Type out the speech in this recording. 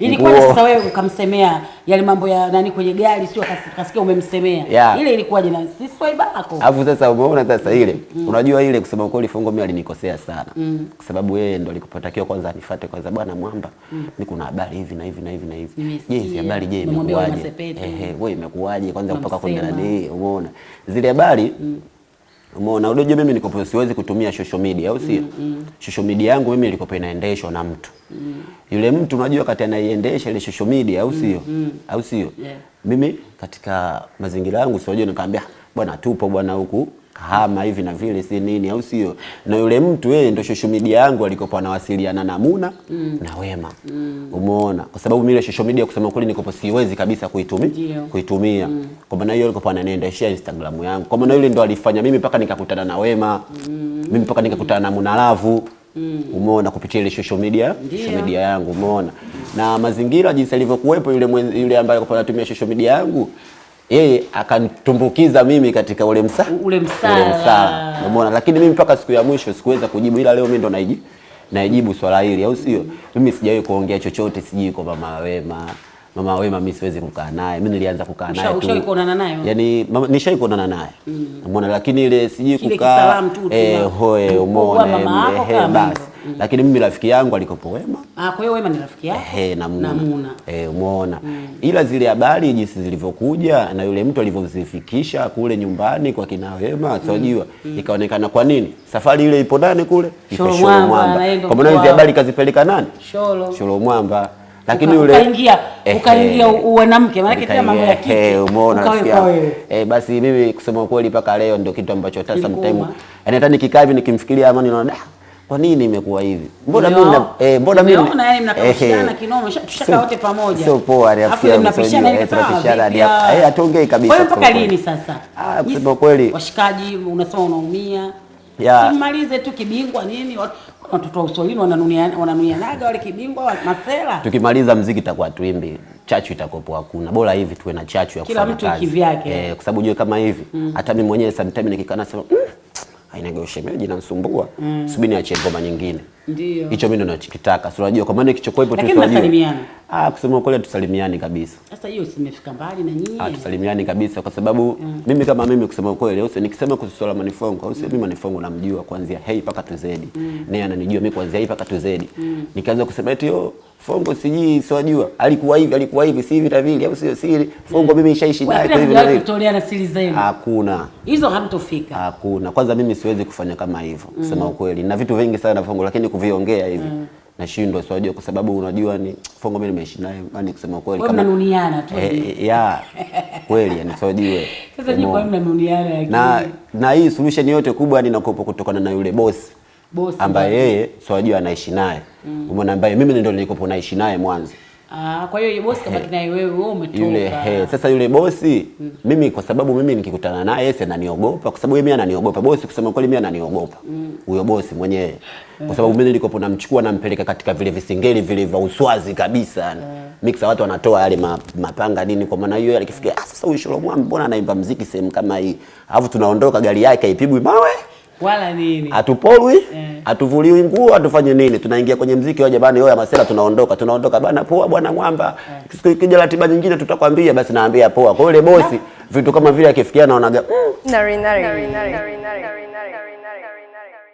Ilikuwa sasa wewe ukamsemea yale mambo ya nani kwenye gari sio kasikia umemsemea. Yeah. Ile ilikuwa jina si swai bako. Alafu sasa umeona sasa ile. Mm. Unajua ile kusema ukweli Fungo mimi alinikosea sana. Mm. Kwa sababu yeye ndo alikupatakiwa kwanza anifuate kwanza bwana Mwamba. Mm. Ni kuna habari hivi na hivi na hivi na hivi. Je, hizi habari je imekuaje? Ehe, wewe imekuaje kwanza mpaka kwenda nani umeona. Zile habari mm. Umeona, unajua mimi Nikope siwezi kutumia social media au sio? Mm -hmm. Social media yangu mimi Nikope inaendeshwa na mtu. Mm -hmm. Yule mtu unajua kati anaiendesha ile social media au mm, sio? Mm -hmm. Au sio? Yeah. Mimi katika mazingira yangu siwajua, nikamwambia bwana, tupo bwana huku kahama hivi na vile, si nini, au sio? Na yule mtu yeye ndio social media yangu alikopo anawasiliana na Muna mm. na Wema mm. umeona, kwa sababu mimi social media kusema kweli nikopo siwezi kabisa kuitumia kuitumia mm. kwa maana hiyo alikopo ananiendeshea Instagram yangu, kwa maana yule ndio alifanya mimi mpaka nikakutana na Wema mm. mimi mpaka nikakutana na Muna Love Mm. Umeona, kupitia ile social media Ndiyo. social media yangu umeona, na mazingira jinsi alivyokuwepo yule yule ambaye anatumia social media yangu yeye akanitumbukiza mimi katika ule msa ule msala, umeona. Lakini mimi mpaka siku ya mwisho sikuweza kujibu, ila leo mimi ndo naijibu swala hili, au sio? Mimi sijawahi kuongea chochote, sijui kwa Mama Wema Mama Wema mimi siwezi kukaa naye, mimi nilianza kukaa naye tu. Yaani nishai kuonana naye. Mm. Umeona, lakini ile sijui kukaa eh, hoe umeona eh, basi. Mm. Lakini mimi rafiki yangu alikopo Wema. Ah, kwa hiyo Wema ni rafiki yako? Eh, namuna. Eh, umeona. Mm. Ila zile habari jinsi zilivyokuja na yule mtu alivyozifikisha kule nyumbani kwa kina Wema, sijua ikaonekana kwa nini? Safari ile ipo nani kule? Sholo Mwamba. Kwa maana hizo habari kazipeleka nani? Sholo. Sholo Mwamba lakini yule ukaingia ukaingia uwanamke, maana kitu mambo ya kike, umeona rafiki eh. Basi mimi kusema kweli, mpaka leo ndio kitu ambacho hata sometimes yani hata nikikaa hivi nikimfikiria Amani naona da, ah, kwa nini imekuwa hivi? Mbona mimi na eh, mbona mimi naona yani mnapishana kinoma, tushaka wote pamoja, sio poa rafiki yangu, eh, tunapishana ni tunapishana ni hapa eh, hatuongei kabisa. Kwa hiyo mpaka lini sasa? Ah, kusema kweli, washikaji, unasema unaumia, simalize tu kibingwa nini watoto wa wananunia wananunianaga wale kibingwa wa masela. Tukimaliza mziki itakuwa tuimbi chachu itakopo hakuna, bora hivi tuwe na chachu ya kufanya kazi, kila mtu kivyake eh, kwa sababu jue kama hivi mm. hata mm. mimi mwenyewe sometimes nikikana sema mm, ainagoshemeji namsumbua mm. subini achie ngoma nyingine ndio. Hicho mimi ndo nachokitaka. Si unajua kwa maana kichokuwa hivyo tu tunajua. Lakini tusalimiane. Ah, kusema kweli tusalimiani kabisa. Sasa hiyo simefika mbali na nyinyi. Ah, tusalimiani kabisa kwa sababu mm. mimi kama mimi kusema ukweli au nikisema kuhusu swala Manifongo au mm. mimi Manifongo namjua kuanzia hey paka tuzedi. Mm. Naye ananijua mimi kuanzia hey paka tuzedi. Mm. Nikaanza kusema eti yo oh, Fongo sijui siwajua. Alikuwa hivi, alikuwa hivi, si hivi na vile au sio siri. Fongo mm. mimi nishaishi naye kwa hivi na vile. Kutoleana siri zenu. Hakuna. Hizo hamtofika. Hakuna. Kwanza mimi siwezi kufanya kama hivyo. Mm. Kusema ukweli. Na vitu vingi sana Fongo lakini kuviongea hivi mm. Nashindwa siwajua kwa sababu unajua ni Fongo mimi nimeishi naye, yani kusema kweli kama mnanuniana tu eh, ya kweli yani siwajue sasa ni kwa mnanuniana na na hii solution yote kubwa ni yaani nakopo kutokana na yule boss boss ambaye yeye siwajua anaishi naye mm. Umeona, ambaye mimi ndio nilikopo naishi naye mwanzo Ah, kwa hiyo bosi kama kina wewe wewe umetoka. Yule he. Sasa yule bosi mm. mimi kwa sababu mimi nikikutana naye yeye ananiogopa kwa sababu yeye mimi ananiogopa. Bosi kusema kweli mimi ananiogopa. Mm. Huyo mm. bosi mwenyewe. Kwa eh. sababu mimi nilikopo namchukua nampeleka katika vile visingeli vile vya uswazi kabisa. Mm. Eh. Mixa watu wanatoa yale mapanga nini kwa maana hiyo alikifikia ah, sasa huyu Sholo mbona anaimba muziki sehemu kama hii. Alafu tunaondoka gari yake ipigwi mawe wala nini, hatupolwi eh, nguo, hatufanye nini, tunaingia kwenye mziki wa jabani yoya masela, tunaondoka tunaondoka bana, poa bwana mwamba eh. Siku ikija ratiba nyingine tutakwambia, basi naambia poa. Kwa yule bosi vitu kama vile akifikia naonaga mm. nari nari nari nari nari nari